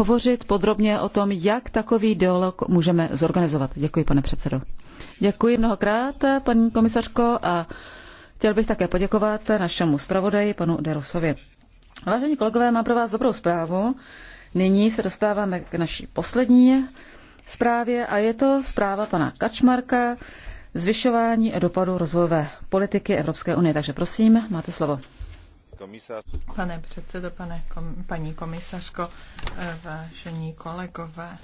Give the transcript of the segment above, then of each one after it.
hovořit podrobně o tom, jak takový dialog můžeme zorganizovat. Děkuji, pane předsedo. Děkuji mnohokrát, paní komisařko, a chtěl bych také poděkovat našemu zpravodaji, panu Derosovi. Vážení kolegové, mám pro vás dobrou zprávu. Nyní se dostáváme k naší poslední zprávě a je to zpráva pana Kačmarka, zvyšování dopadu rozvojové politiky Evropské unie. Takže prosím, máte slovo komisař. Pane předsedo, pane, paní komisařko, eh, vážení kolegové.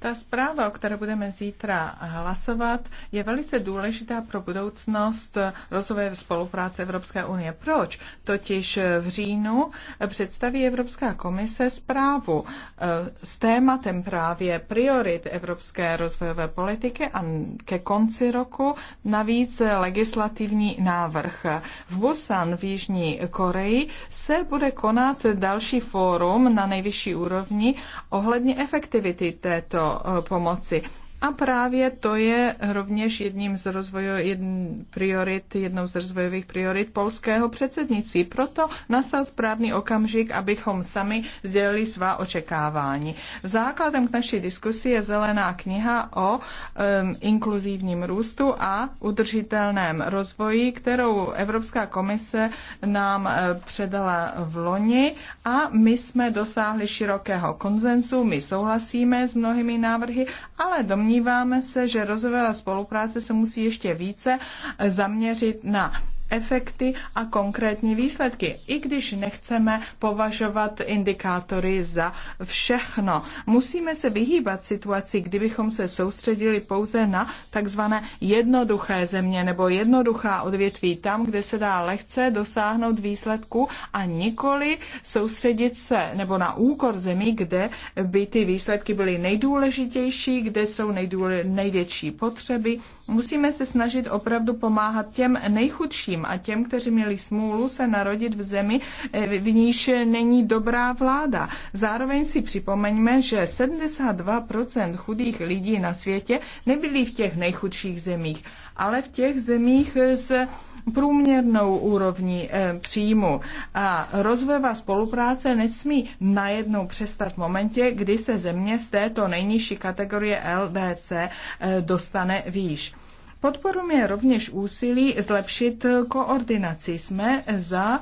Ta zpráva, o které budeme zítra hlasovat, je velice důležitá pro budoucnost rozvoje spolupráce Evropské unie. Proč? Totiž v říjnu představí Evropská komise zprávu eh, s tématem právě priorit evropské rozvojové politiky a ke konci roku navíc legislativní návrh. V Busan v Jižní Koreji se bude konat další fórum na nejvyšší úrovni ohledně efektivity této Eh, pomoci. A právě to je rovněž jedním z rozvojů, jedn, priorit, jednou z rozvojových priorit polského předsednictví. Proto nastal správný okamžik, abychom sami sdělili svá očekávání. Základem k naší diskusi je zelená kniha o um, inkluzivním růstu a udržitelném rozvoji, kterou Evropská komise nám eh, předala v loni a my jsme dosáhli širokého konzensu, my souhlasíme s mnohými návrhy, ale domníváme, Domníváme se, že rozvojová spolupráce se musí ještě více zaměřit na efekty a konkrétní výsledky, i když nechceme považovat indikátory za všechno. Musíme se vyhýbat situaci, kdybychom se soustředili pouze na takzvané jednoduché země nebo jednoduchá odvětví, tam, kde se dá lehce dosáhnout výsledku a nikoli soustředit se nebo na úkor zemí, kde by ty výsledky byly nejdůležitější, kde jsou nejdůle, největší potřeby. Musíme se snažit opravdu pomáhat těm nejchudším, chudým a těm, kteří měli smůlu se narodit v zemi, eh, v níž není dobrá vláda. Zároveň si připomeňme, že 72% chudých lidí na světě nebyli v těch nejchudších zemích, ale v těch zemích s průměrnou úrovní eh, příjmu. A rozvojová spolupráce nesmí najednou přestat v momentě, kdy se země z této nejnižší kategorie LDC eh, dostane výš. Podporujeme rovněž úsilí zlepšit koordinaci. Jsme za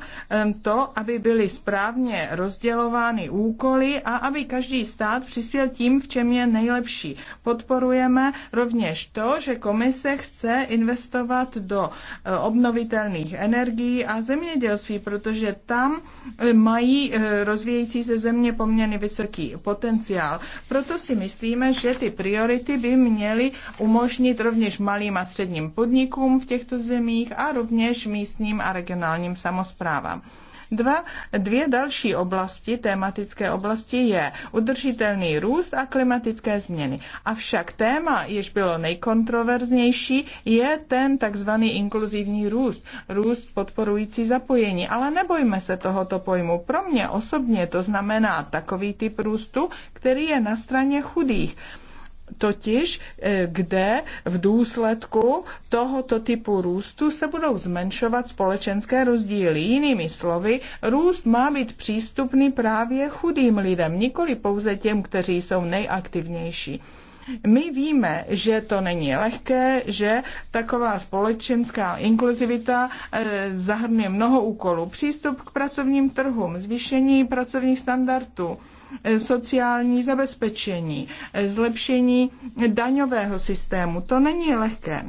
to, aby byly správně rozdělovány úkoly a aby každý stát přispěl tím, v čem je nejlepší. Podporujeme rovněž to, že komise chce investovat do e, obnovitelných energií a zemědělství, protože tam e, mají e, rozvíjející se země poměrně vysoký potenciál. Proto si myslíme, že ty priority by měly umožnit rovněž malým a středním podnikům v těchto zemích a rovněž místním a regionálním samozprávám. Dva, dvě další oblasti, tematické oblasti je udržitelný růst a klimatické změny. Avšak téma, jež bylo nejkontroverznější, je ten takzvaný inkluzivní růst, růst podporující zapojení. Ale nebojme se tohoto pojmu. Pro mě osobně to znamená takový typ růstu, který je na straně chudých totiž eh, kde v důsledku tohoto typu růstu se budou zmenšovat společenské rozdíly. Jinými slovy, růst má být přístupný právě chudým lidem, nikoli pouze těm, kteří jsou nejaktivnější. My víme, že to není lehké, že taková společenská inkluzivita eh, zahrnuje mnoho úkolů. Přístup k pracovním trhům, zvýšení pracovních standardů, eh, sociální zabezpečení, eh, zlepšení daňového systému. To není lehké.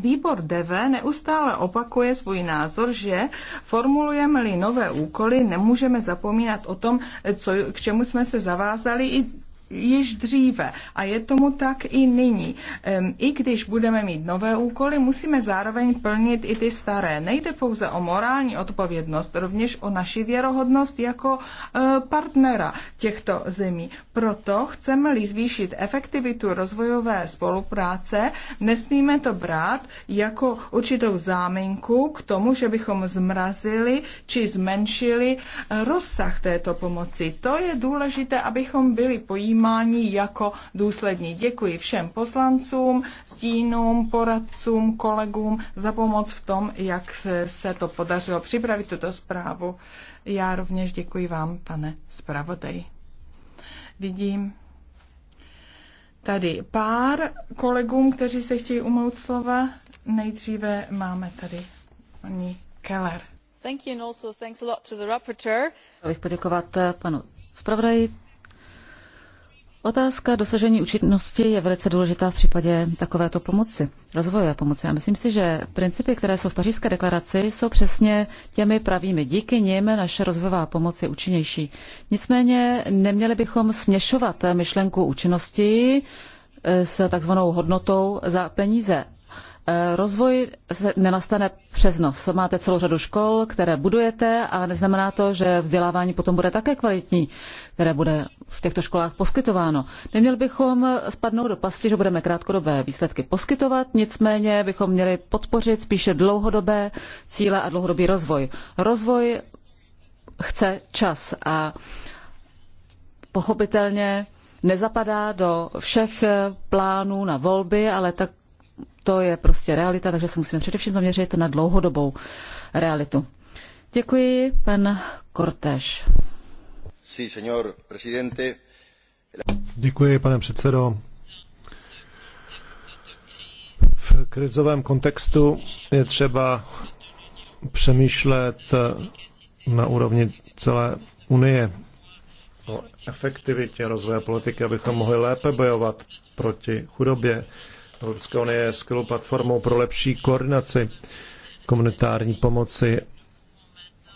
Výbor DV neustále opakuje svůj názor, že formulujeme-li nové úkoly, nemůžeme zapomínat o tom, co, k čemu jsme se zavázali i již dříve a je tomu tak i nyní. I když budeme mít nové úkoly, musíme zároveň plnit i ty staré. Nejde pouze o morální odpovědnost, rovněž o naši věrohodnost jako e, partnera těchto zemí. Proto chceme-li zvýšit efektivitu rozvojové spolupráce, nesmíme to brát jako určitou záminku k tomu, že bychom zmrazili či zmenšili e, rozsah této pomoci. To je důležité, abychom byli pojímáni vnímáni jako důslední. Děkuji všem poslancům, stínům, poradcům, kolegům za pomoc v tom, jak se to podařilo připravit tuto zprávu. Já rovněž děkuji vám, pane zpravodaj. Vidím tady pár kolegům, kteří se chtějí umout slova. Nejdříve máme tady paní Keller. Thank you and also thanks a lot to the rapporteur. Chtěl poděkovat panu zpravodaji, Otázka dosažení účinnosti je velice důležitá v případě takovéto pomoci, rozvojové pomoci. A myslím si, že principy, které jsou v pařížské deklaraci, jsou přesně těmi pravými. Díky nim naše rozvojová pomoc je účinnější. Nicméně neměli bychom směšovat myšlenku účinnosti eh, s takzvanou hodnotou za peníze. Eh, rozvoj nenastane přes nos. Máte celou řadu škol, které budujete a neznamená to, že vzdělávání potom bude také kvalitní, které bude v těchto školách poskytováno. Neměli bychom spadnout do pasti, že budeme krátkodobé výsledky poskytovat, nicméně bychom měli podpořit spíše dlouhodobé cíle a dlouhodobý rozvoj. Rozvoj chce čas a pochopitelně nezapadá do všech plánů na volby, ale tak to je prostě realita, takže se musíme především zaměřit na dlouhodobou realitu. Děkuji, pan Kortež. Sí, señor presidente. Děkuji, pane předsedo. V krizovém kontextu je třeba přemýšlet na úrovni celé Unie o efektivitě rozvoje politiky, abychom mohli lépe bojovat proti chudobě. Evropská unie je skvělou platformou pro lepší koordinaci komunitární pomoci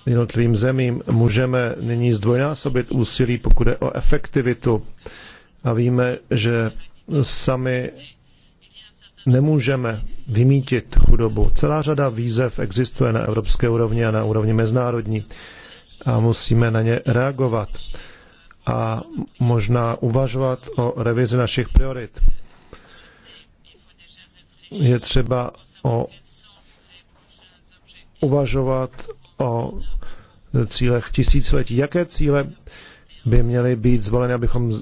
jednotlivým zemím. Můžeme nyní zdvojnásobit úsilí, pokud je o efektivitu. A víme, že sami nemůžeme vymítit chudobu. Celá řada výzev existuje na evropské úrovni a na úrovni mezinárodní a musíme na ně reagovat a možná uvažovat o revizi našich priorit je třeba o uvažovat o cílech tisíciletí. Jaké cíle by měly být zvoleny, abychom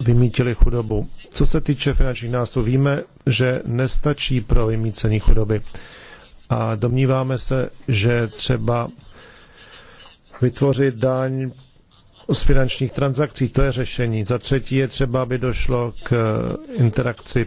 vymítili chudobu? Co se týče finančních nástrojů, víme, že nestačí pro vymícení chudoby. A domníváme se, že třeba vytvořit daň z finančních transakcí, to je řešení. Za třetí je třeba, aby došlo k interakci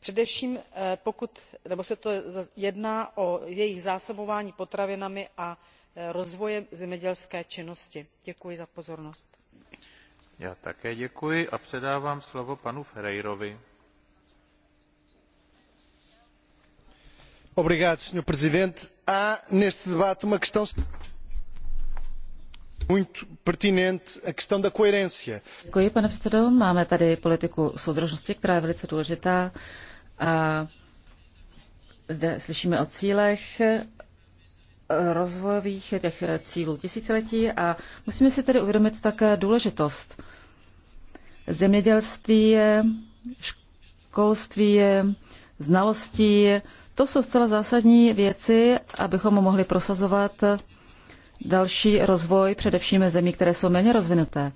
především eh, pokud se jedná o jejich zásobování potravinami a eh, rozvoj zemědělské činnosti. děkuji za pozornost. já také děkuji a předávám slovo panu ferreirovi. pane předsedající há neste debate uma questão. Děkuji, pane předsedo. Máme tady politiku soudržnosti, která je velice důležitá. A zde slyšíme o cílech eh, rozvojových těch eh, cílů tisíciletí a musíme si tedy uvědomit také důležitost zemědělství, školství, znalostí. To jsou zcela zásadní věci, abychom mohli prosazovat další rozvoj především zemí, které jsou méně rozvinuté.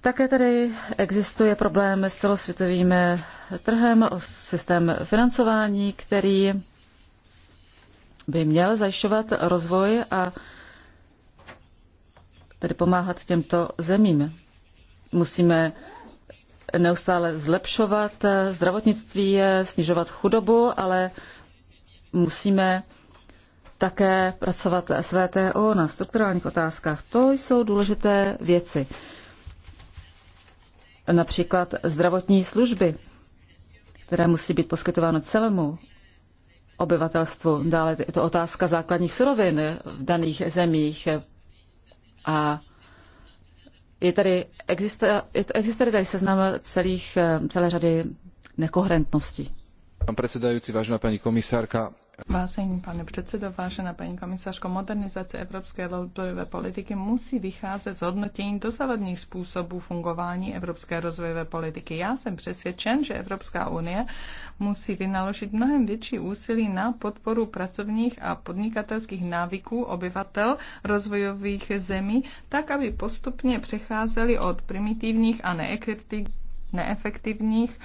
Také tady existuje problém s celosvětovým eh, trhem, systém financování, který by měl zajišťovat rozvoj a tedy pomáhat těmto zemím. Musíme neustále zlepšovat eh, zdravotnictví, eh, snižovat chudobu, ale musíme také pracovat s VTO na strukturálních otázkách. To jsou důležité věci. Například zdravotní služby, které musí být poskytováno celému obyvatelstvu. Dále je to otázka základních surovin v daných zemích. A je tady, existuje existuje tady seznam celých, celé řady nekoherentností. Pan předsedající, vážená paní komisárka, Vážený pane předsedo, vážená paní komisařko, modernizace evropské rozvojové politiky musí vycházet z hodnotění dosavadních způsobů fungování evropské rozvojové politiky. Já jsem přesvědčen, že Evropská unie musí vynaložit mnohem větší úsilí na podporu pracovních a podnikatelských návyků obyvatel rozvojových zemí, tak aby postupně přecházeli od primitivních a neefektivních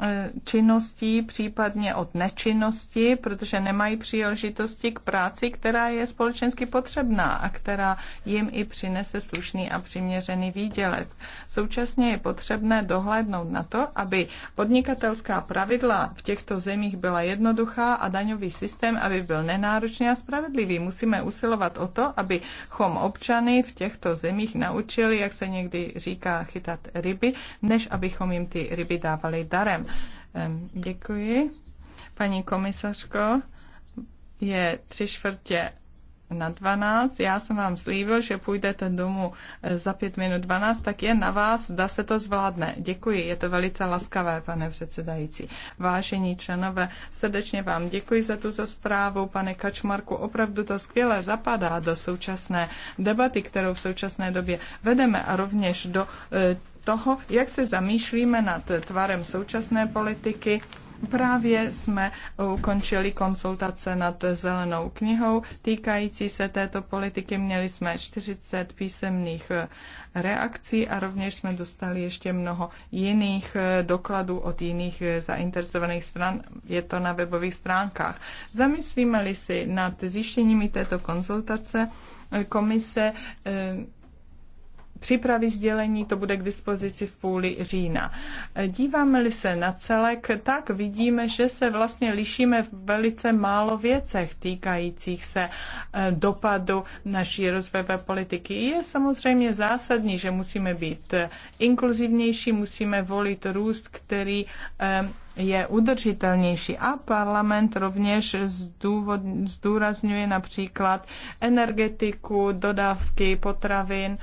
E, činností, případně od nečinnosti, protože nemají příležitosti k práci, která je společensky potřebná a která jim i přinese slušný a přiměřený výdělec. Současně je potřebné dohlédnout na to, aby podnikatelská pravidla v těchto zemích byla jednoduchá a daňový systém, aby byl nenáročný a spravedlivý. Musíme usilovat o to, aby chom občany v těchto zemích naučili, jak se někdy říká, chytat ryby, než abychom jim ty ryby dávali darem. Děkuji. Paní komisařko, je tři čtvrtě na 12. Já jsem vám slíbil, že půjdete domů eh, za 5 minut 12, tak je na vás, zda se to zvládne. Děkuji, je to velice laskavé, pane předsedající. Vážení členové, srdečně vám děkuji za tuto zprávu. Pane Kačmarku, opravdu to skvěle zapadá do současné debaty, kterou v současné době vedeme a rovněž do eh, toho, jak se zamýšlíme nad tvarem současné politiky Právě jsme ukončili konzultace nad zelenou knihou týkající se této politiky. Měli jsme 40 písemných eh, reakcí a rovněž jsme dostali ještě mnoho jiných eh, dokladů od jiných eh, zainteresovaných stran. Je to na webových stránkách. Zamyslíme-li si nad zjištěními této konzultace, komise přípravy sdělení, to bude k dispozici v půli října. Díváme-li se na celek, tak vidíme, že se vlastně lišíme v velice málo věcech týkajících se eh, dopadu naší rozvojové politiky. Je samozřejmě zásadní, že musíme být eh, inkluzivnější, musíme volit růst, který eh, je udržitelnější. A parlament rovněž zdůvod, zdůrazňuje například energetiku, dodávky potravin,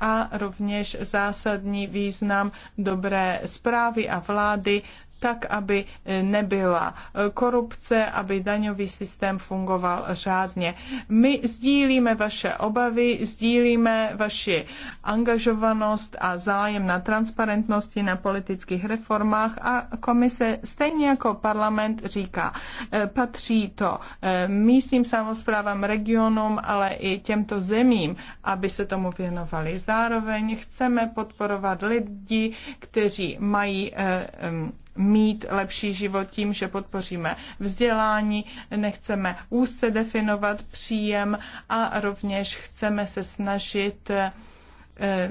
a rovněž zásadní význam dobré zprávy a vlády tak, aby e, nebyla e, korupce, aby daňový systém fungoval řádně. My sdílíme vaše obavy, sdílíme vaši angažovanost a zájem na transparentnosti na politických reformách a komise stejně jako parlament říká, e, patří to místním samozprávám, regionům, ale i těmto zemím, aby se tomu věnovali. Zároveň chceme podporovat lidi, kteří mají mít lepší život tím, že podpoříme vzdělání, nechceme úzce definovat příjem a rovněž chceme se snažit eh, eh,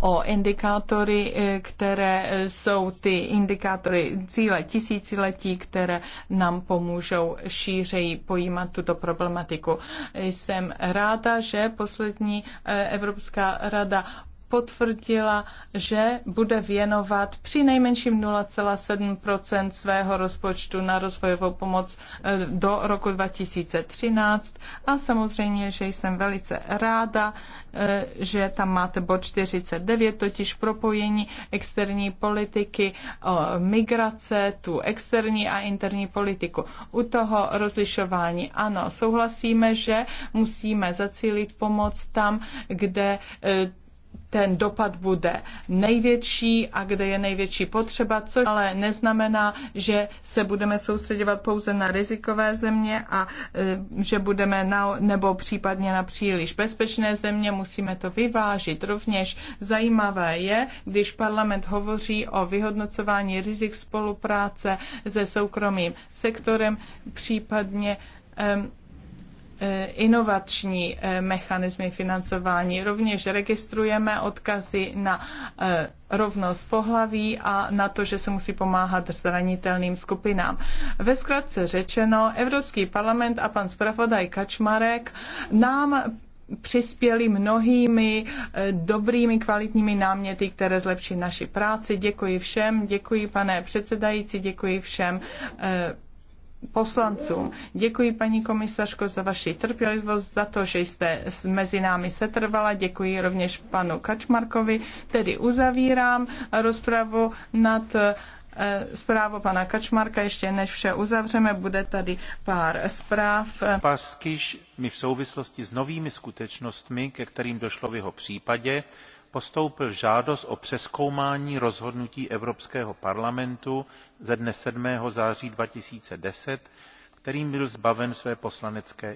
o indikátory, eh, které jsou ty indikátory cíle tisíciletí, které nám pomůžou šířeji pojímat tuto problematiku. Jsem ráda, že poslední Evropská rada potvrdila, že bude věnovat při nejmenším 0,7 svého rozpočtu na rozvojovou pomoc eh, do roku 2013. A samozřejmě, že jsem velice ráda, eh, že tam máte bod 49, totiž propojení externí politiky, migrace, tu externí a interní politiku. U toho rozlišování, ano, souhlasíme, že musíme zacílit pomoc tam, kde eh, ten dopad bude největší a kde je největší potřeba, co, ale neznamená, že se budeme soustředovat pouze na rizikové země a e, že budeme na, nebo případně na příliš bezpečné země, musíme to vyvážit. Rovněž zajímavé je, když parlament hovoří o vyhodnocování rizik spolupráce se soukromým sektorem, případně um, Eh, inovační eh, mechanismy financování. Rovněž registrujeme odkazy na eh, rovnost pohlaví a na to, že se musí pomáhat zranitelným skupinám. Ve zkratce řečeno, Evropský parlament a pan zpravodaj Kačmarek nám přispěli mnohými dobrými, kvalitními náměty, které zlepší naši práci. Děkuji všem, děkuji pane předsedající, děkuji všem poslancům. Děkuji, paní komisařko, za vaši trpělivost, za to, že jste mezi námi setrvala. Děkuji rovněž panu Kačmarkovi. Tedy uzavírám rozpravu nad eh, zprávu pana Kačmarka, ještě než vše uzavřeme, bude tady pár zpráv. Paskyš mi v souvislosti s novými skutečnostmi, ke kterým došlo v jeho případě, postoupil žádost o přezkoumání rozhodnutí Evropského parlamentu ze dne 7. září 2010, kterým byl zbaven své poslanecké